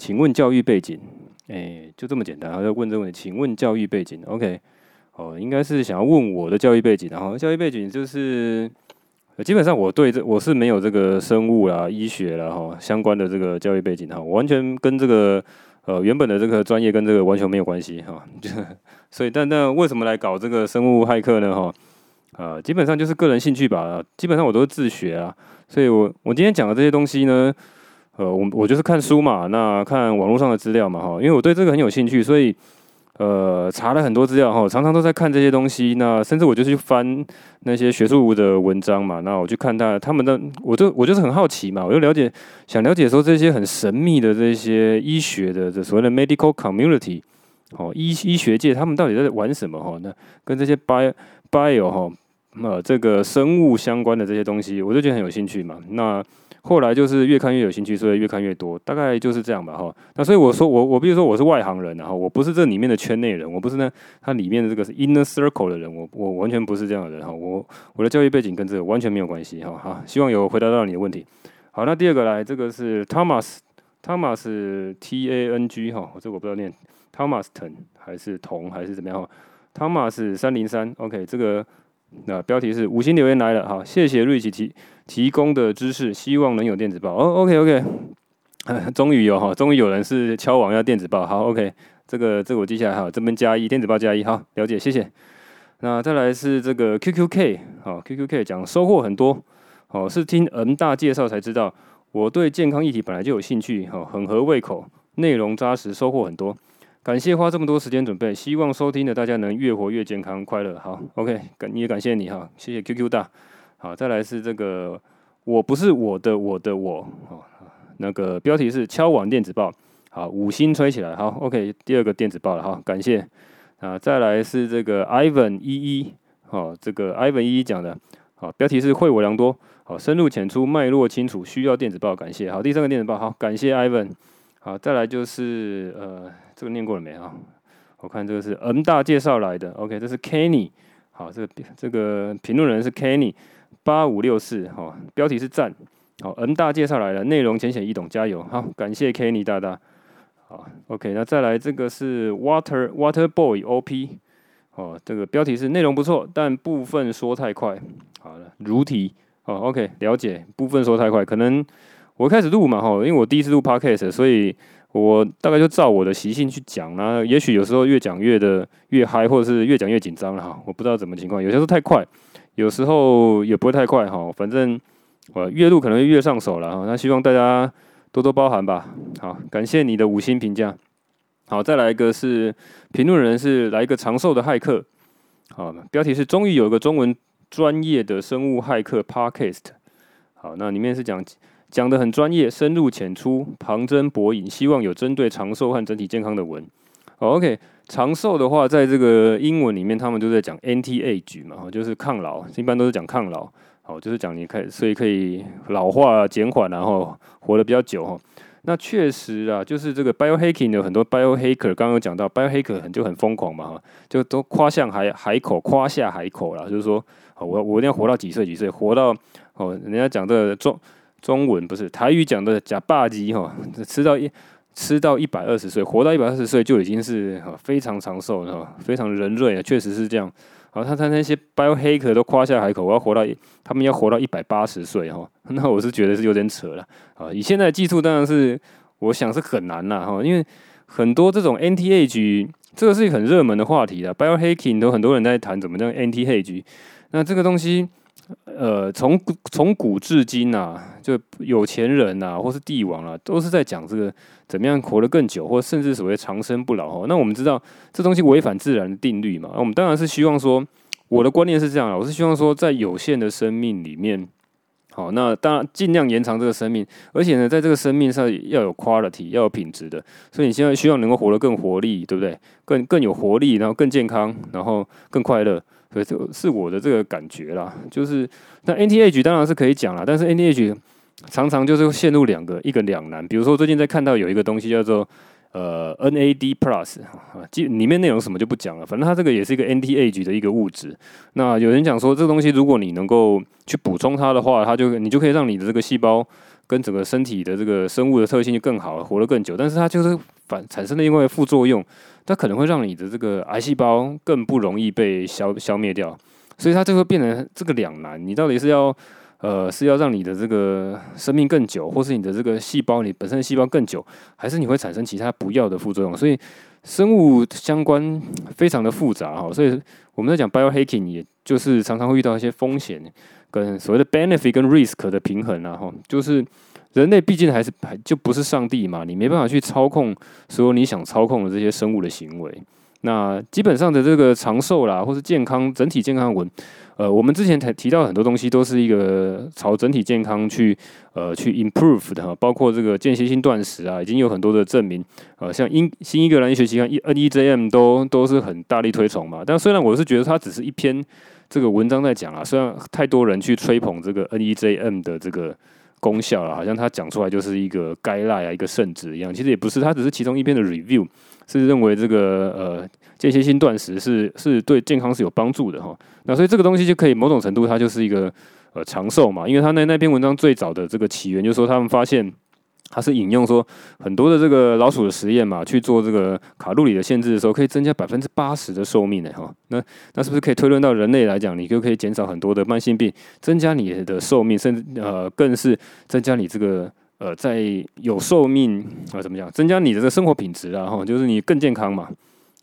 請問教育背景，哎、欸，就這麼簡單。然後就問這個問題，請問教育背景。OK，哦，應該是想要問我的教育背景。然、哦、後教育背景就是，基本上我對這我是沒有這個生物啦、醫學啦哈、哦、相關的這個教育背景哈，我完全跟這個呃原本的這個專業跟這個完全沒有關係哈、哦。就所以，但但為什麼來搞這個生物駭客呢？哈、哦，啊、呃，基本上就是個人興趣吧。基本上我都是自學啊，所以我我今天講的這些東西呢。呃，我我就是看書嘛，那看網絡上的資料嘛，哈，因為我對這個很有興趣，所以呃，查了很多資料哈，常常都在看這些東西。那甚至我就是去翻那些學術的文章嘛，那我去看他他們的，我就我就是很好奇嘛，我就了解想了解說這些很神秘的這些醫學的所謂的 medical community，哦，醫醫學界他們到底在玩什麼哈？那跟這些 bio bio 哈、哦，呃，這個生物相關的這些東西，我就覺得很有興趣嘛。那後來就是越看越有興趣，所以越看越多，大概就是這樣吧哈。那所以我說我我，我比如說我是外行人哈，我不是這裡面的圈內人，我不是呢它裡面的這個 inner circle 的人，我我完全不是這樣的人哈。我我的教育背景跟這個完全沒有關係哈哈。希望有回答到你的問題。好，那第二個來，這個是 Thomas Thomas T A N G 哈、哦，我這個、我不知道念 Thomas Ton 還是同還是怎麼樣哈、哦。Thomas 三零三 OK，這個那、啊、標題是五星留言來了哈，謝謝瑞奇提。提供的知識，希望能有電子報哦。Oh, OK OK，終於有哈，終於有人是敲碗要電子報。好，OK，這個這個我記下來哈，這邊加一電子報加一哈，了解，謝謝。那再來是這個 QQK，好，QQK 講收穫很多，哦，是聽 N 大介紹才知道，我對健康議題本來就有興趣哈，很合胃口，內容紮實，收穫很多，感謝花這麼多時間準備，希望收聽的大家能越活越健康快樂。好，好，OK，感也感謝你哈，謝謝 QQ 大。好，再來是這個，我不是我的我的我好那個標題是敲網電子報，好五星吹起來，好 OK，第二個電子報了哈，感謝啊，再來是這個 Ivan 一一哦，這個 Ivan 一一講的，好標題是惠我良多，好深入淺出，脈絡清楚，需要電子報，感謝，好第三個電子報，好感謝 Ivan，好再來就是呃，這個念過了沒啊？我看這個是 N 大介紹來的，OK，這是 Kenny，好這個這個評論人是 Kenny。八五六四好，標題是讚，好，N 大介紹來了，內容淺顯易懂，加油，好，感謝 Kenny 大大，好，OK，那再來這個是 Water Water Boy OP，哦，這個標題是內容不錯，但部分說太快，好了，如題，哦，OK，了解，部分說太快，可能我一開始錄嘛哈，因為我第一次錄 Podcast，所以我大概就照我的習性去講啦，啊，也許有時候越講越的越嗨，或者是越講越緊張了哈，我不知道怎麼情況，有些時候太快。有時候也不會太快哈，反正我越錄可能越上手了。那希望大家多多包涵吧。好，感謝你的五星評價。好，再來一個是評論人是來一個長壽的駭客。好，標題是終於有一個中文專業的生物駭客 Podcast。好，那裡面是講講得很專業，深入淺出，旁徵博引，希望有針對長壽和整體健康的文。好，OK。長壽的話，在這個英文裡面，他們就在講 anti-age 嘛，哈，就是抗老，一般都是講抗老，好，就是講你可以，所以可以老化減、啊、緩，然後、啊、活得比較久，哈。那確實啊，就是這個 biohacking 有很多 bio hacker，剛剛有講到 bio hacker 很就很瘋狂嘛，哈，就都誇下海海口，誇下海口了，就是說，哦，我我一定要活到幾歲幾歲，活到哦，人家講的中中文不是台語講的假霸級哈，吃到一。吃到一百二十歲，活到一百二十歲就已經是非常長壽了，非常人瑞啊，確實是這樣。好，他他那些 biohacker 都誇下海口，我要活到他們要活到一百八十歲哈，那我是覺得是有點扯了。啊，以現在的技術，當然是我想是很難了哈，因為很多這種 anti-age 這個是一個很熱門的話題了，bio hacking 都很多人在談怎麼叫 anti-age 那這個東西。呃，從從古至今吶、啊，就有錢人吶、啊，或是帝王啊，都是在講這個怎麼樣活得更久，或甚至所謂長生不老哦，那我們知道這東西違反自然的定律嘛。我們當然是希望說，我的觀念是這樣啦，我是希望說，在有限的生命裡面，好，那當然儘量延長這個生命，而且呢，在這個生命上要有 quality，要有品質的。所以你現在希望能夠活得更活力，對不對？更更有活力，然後更健康，然後更快樂。所以是我的這個感覺啦，就是那 NTH 當然是可以講啦，但是 NTH 常常就是陷入兩個一個兩難。比如說最近在看到有一個東西叫做呃 NAD Plus，啊，裡面內容什麼就不講了，反正它這個也是一個 NTH 的一個物質。那有人講說這個東西如果你能夠去補充它的話，它就你就可以讓你的這個細胞。跟整個身體的這個生物的特性就更好，活得更久。但是它就是反產生了另外的副作用，它可能會讓你的這個癌細胞更不容易被消消滅掉。所以它就會變成這個兩難：你到底是要呃是要讓你的這個生命更久，或是你的這個細胞你本身的細胞更久，還是你會產生其他不要的副作用？所以生物相關非常的複雜哈。所以我們在講 biohacking，也就是常常會遇到一些風險。跟所謂的 benefit 跟 risk 的平衡啊，哈，就是人類畢竟還是還就不是上帝嘛，你沒辦法去操控所有你想操控的這些生物的行為。那基本上的這個長壽啦，或是健康整體健康文，呃，我們之前才提到很多東西都是一個朝整體健康去呃去 improve 的。哈，包括這個間歇性斷食啊，已經有很多的證明，呃，像英新英格蘭醫學期刊 NEJM 都都是很大力推崇嘛。但雖然我是覺得它只是一篇。這個文章在講啊，雖然太多人去吹捧這個 NEJM 的這個功效了，好像他講出來就是一個 guideline，啊一個聖旨一樣，其實也不是，他只是其中一篇的 review，是認為這個呃間歇性斷食是是對健康是有幫助的哈。那所以這個東西就可以某種程度，它就是一個呃長壽嘛，因為他那那篇文章最早的這個起源就是說他們發現。它是引用說，很多的這個老鼠的實驗嘛，去做這個卡路里的限制的時候，可以增加百分之八十的壽命呢。哈，那那是不是可以推論到人類來講，你就可以減少很多的慢性病，增加你的壽命，甚至呃，更是增加你這個呃，在有壽命啊、呃，怎麼講，增加你的這個生活品質啊？哈，就是你更健康嘛。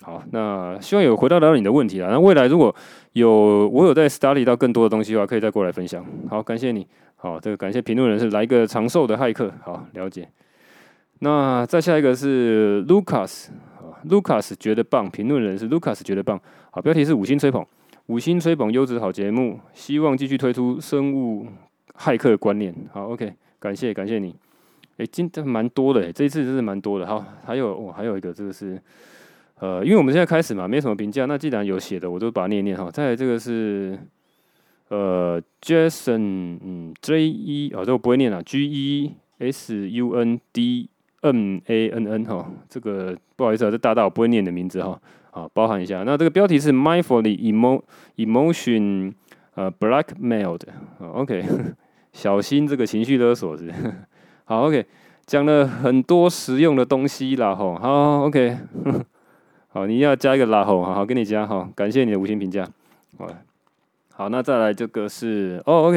好，那希望有回答到你的問題啊。那未來如果有我有在 study 到更多的東西的話，可以再過來分享。好，感謝你。好，這個感謝評論人士來一個長壽的駭客。好，了解。那再下一個是 Lucas 啊，Lucas 覺得棒。評論人士 Lucas 覺得棒。好，標題是五星吹捧，五星吹捧優質好節目，希望繼續推出生物駭客的觀念。好，OK，感謝感謝你。哎，今天蠻多的誒，這一次真是蠻多的。好，還有哦，還有一個這個是，呃，因為我們現在開始嘛，沒什麼評價。那既然有寫的，我就把它念一念哈，哦。再來這個是。呃，Jason 嗯 J E 啊、哦，這個不會念啊 G E S U N D M A N N 哈，這個不好意思啊，這大大我不會念你的名字哈，啊，包含一下。那這個標題是 Mindfully Emotion 呃 Blackmail 的，哦，OK，呵呵小心這個情緒勒索是。呵呵好，OK，講了很多實用的東西啦吼，好，OK，呵呵好，你要加一個啦，吼，好好跟你加哈，感謝你的五星評價，好。好，那再來這個是哦，oh，OK，d、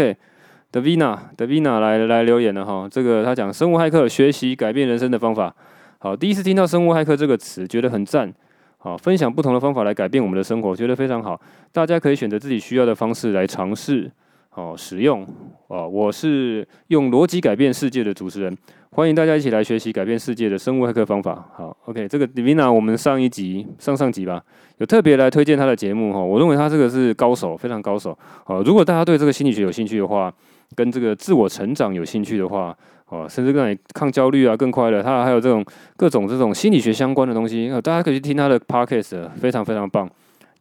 okay, Davina, Davina 來來留言了哈。這個他講生物駭客學習改變人生的方法。好，第一次聽到生物駭客這個詞，覺得很贊。好，分享不同的方法來改變我們的生活，覺得非常好。大家可以選擇自己需要的方式來嘗試。哦，使用哦！我是用邏輯改變世界的主持人，歡迎大家一起來學習改變世界的生物黑客方法。好，OK，這個 Divina，我們上一集、上上集吧，有特別來推薦他的節目哈、哦。我認為他這個是高手，非常高手。哦，如果大家對這個心理學有興趣的話，跟這個自我成長有興趣的話，哦，甚至讓你抗焦慮啊，更快樂。他還有這種各種這種心理學相關的東西、哦，大家可以去聽他的 Podcast，非常非常棒。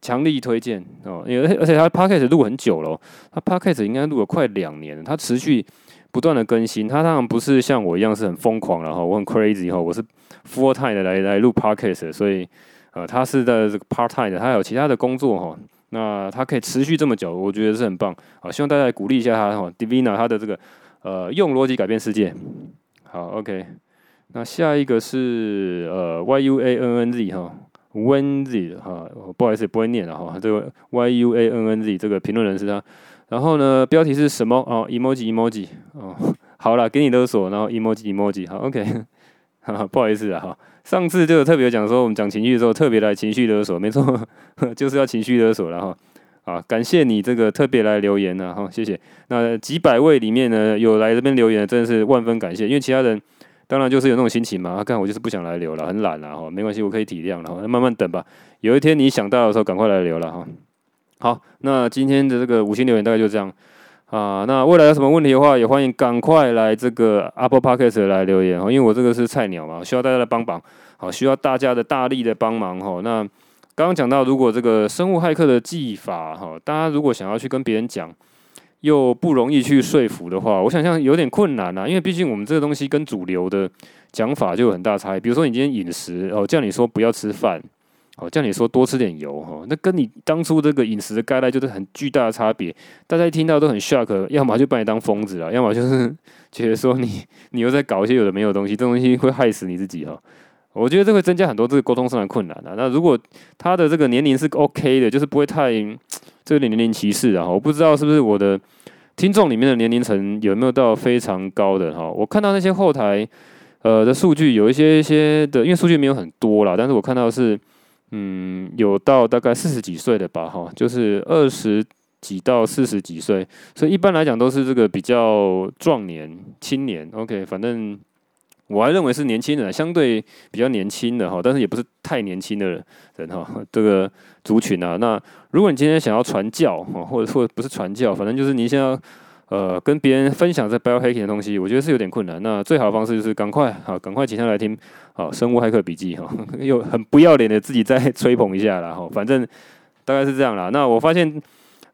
強力推薦哦，因為而且他 podcast 錄很久了，他 podcast 應該錄了快兩年，他持續不斷的更新。他當然不是像我一樣是很瘋狂了哈，我很 crazy 哈，我是 full time 的來來錄 podcast，所以呃，他是在這個 part time 的，他還有其他的工作哈、哦。那他可以持續這麼久，我覺得是很棒，好，希望大家鼓勵一下他哈、哦、，Divina 他的這個呃用邏輯改變世界。好，OK，那下一個是呃 Y U A N N Z 哈、哦。w u n z i 哈，不好意思，不會念了哈。這個 y u a n N z 這個評論人是他。然後呢，標題是什麼？哦 Emoji Emoji 哦，好了，給你勒索。然後 Emoji Emoji，好，OK。 *laughs* 不好意思啊哈，上次就有特別講說，我們講情緒的時候，特別來情緒勒索，沒錯， *laughs* 就是要情緒勒索，然後啊，感謝你這個特別來留言呢哈，謝謝。那幾百位裡面呢，有來這邊留言，真的是萬分感謝，因為其他人。當然就是有那種心情嘛，看，啊、我就是不想來留了，很懶了，啊。哈，沒關係，我可以體諒的，慢慢等吧。有一天你想到的時候，趕快來留了哈。好，那今天的這個五星留言大概就這樣啊。那未來有什麼問題的話，也歡迎趕快來這個 Apple Podcast 來留言哈，因為我這個是菜鳥嘛，需要大家的幫忙，好，需要大家的大力的幫忙哈。那剛剛講到，如果這個生物駭客的技法哈，大家如果想要去跟別人講。又不容易去說服的話，我想象有點困難吶、啊，因為畢竟我們這個東西跟主流的講法就有很大差異。比如說你今天飲食，哦叫你說不要吃飯，哦叫你說多吃點油哈、哦，那跟你當初這個飲食的概念就是很巨大的差別。大家一聽到都很 shock，要麼就把你當瘋子啊，要麼就是覺得說你你又在搞一些有的沒有的東西，這東西會害死你自己哦。我覺得這會增加很多這個溝通上的困難啊。那如果他的這個年齡是 OK 的，就是不會太。這個年齡歧視啊，我不知道是不是我的聽眾裡面的年齡層有沒有到非常高的哈。我看到那些後台呃的數據，有一些一些的，因為數據沒有很多啦。但是我看到是嗯有到大概四十幾歲的吧哈，就是二十幾到四十幾歲，所以一般來講都是這個比較壯年青年。OK，反正。我還認為是年輕人，相對比較年輕的哈，但是也不是太年輕的人哈，這個族群啊。那如果你今天想要傳教哈，或者說不是傳教，反正就是你想要呃跟別人分享這 biohacking 的東西，我覺得是有點困難。那最好的方式就是趕快哈，趕快停下來聽啊《生物駭客筆記》哈，又很不要臉的自己再吹捧一下啦。哈。反正大概是這樣啦。那我發現。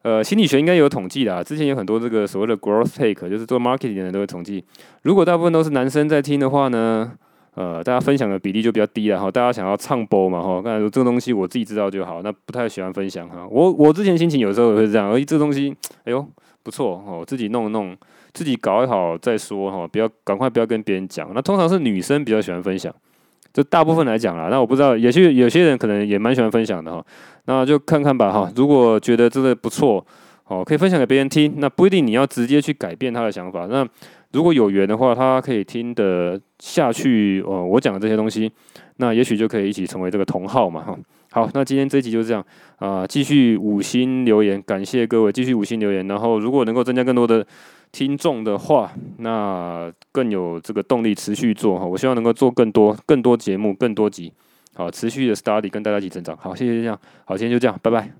呃，心理學應該有統計的啊，之前有很多這個所謂的 growth hacker，就是做 marketing 的人都會統計。如果大部分都是男生在聽的話呢，呃，大家分享的比例就比較低了哈。大家想要唱播嘛哈，剛才說，這個東西我自己知道就好，那不太喜歡分享哈。我我之前心情有時候也會這樣，而且這東西，哎喲，不錯哦，自己弄弄，自己搞一好再說哈、哦，不要趕快不要跟別人講。那通常是女生比較喜歡分享，就大部分來講啦，那我不知道，也許有些人可能也蠻喜歡分享的哈，那就看看吧哈。如果覺得真的不錯，哦，可以分享給別人聽，那不一定你要直接去改變他的想法。那如果有緣的話，他可以聽得下去哦、呃，我講的這些東西，那也許就可以一起成為這個同好嘛哈。好，那今天這一集就是這樣啊，繼、呃、續五星留言，感謝各位繼續五星留言，然後如果能夠增加更多的。聽眾的話，那更有這個動力持續做哈。我希望能夠做更多、更多節目、更多集，好持續的 study 跟大家一起成長。好，謝謝大家。好，今天就這樣，拜拜。